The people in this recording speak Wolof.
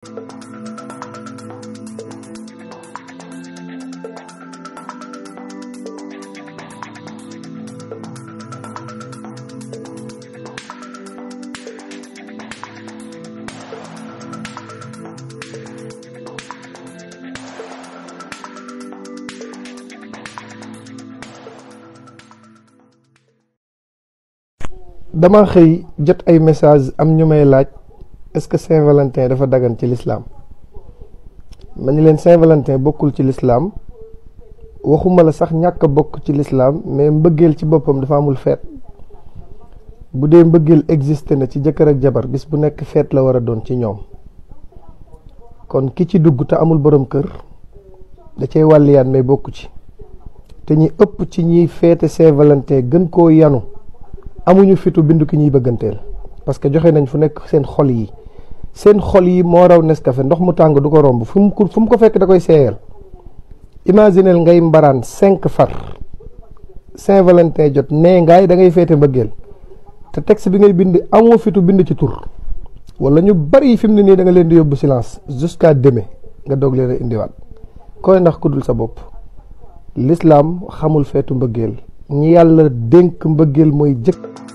dama xëy jot ay message am ñu may laaj est-ce que Saint-Valentin dafa daggan ci lislaam ma ni leen Saint-Valentin bokkul ci lislaam waxuma la sax ñàkk bokk ci lislaam mais mbëggeel ci boppam dafa amul feet bu dee mbëggeel existé na ci jëkkër ak jabar bis bu nekk feet la war a doon ci ñoom kon ki ci dugg te amul borom kër da cay wàlliyaan mais bokku ci te ñi ëpp ci ñiy feete Saint-Valentin gën koo yanu amuñu fitu bindu ki ñuy bëgganteel parce que joxe nañ fu nekk seen xol yi seen xol yi moo raw Nescafé ndox mu tàng du ko romb fu mu ko fu mu ko fekk da koy seeyal imaginel ngay mbaraan cinq far Saint-Valentin jot nee ngaay dangay ngay féete mbëggeel te texte bi ngay bind amoo fitu bind ci tur wala ñu bari fi mu ne nii danga leen di yóbbu silence jusqu'à demain nga doog leen a indiwaat koy ndax ku dul sa bopp l'islam xamul feetu mbëggeel ñi yàlla dénk mbëggeel mooy jëkk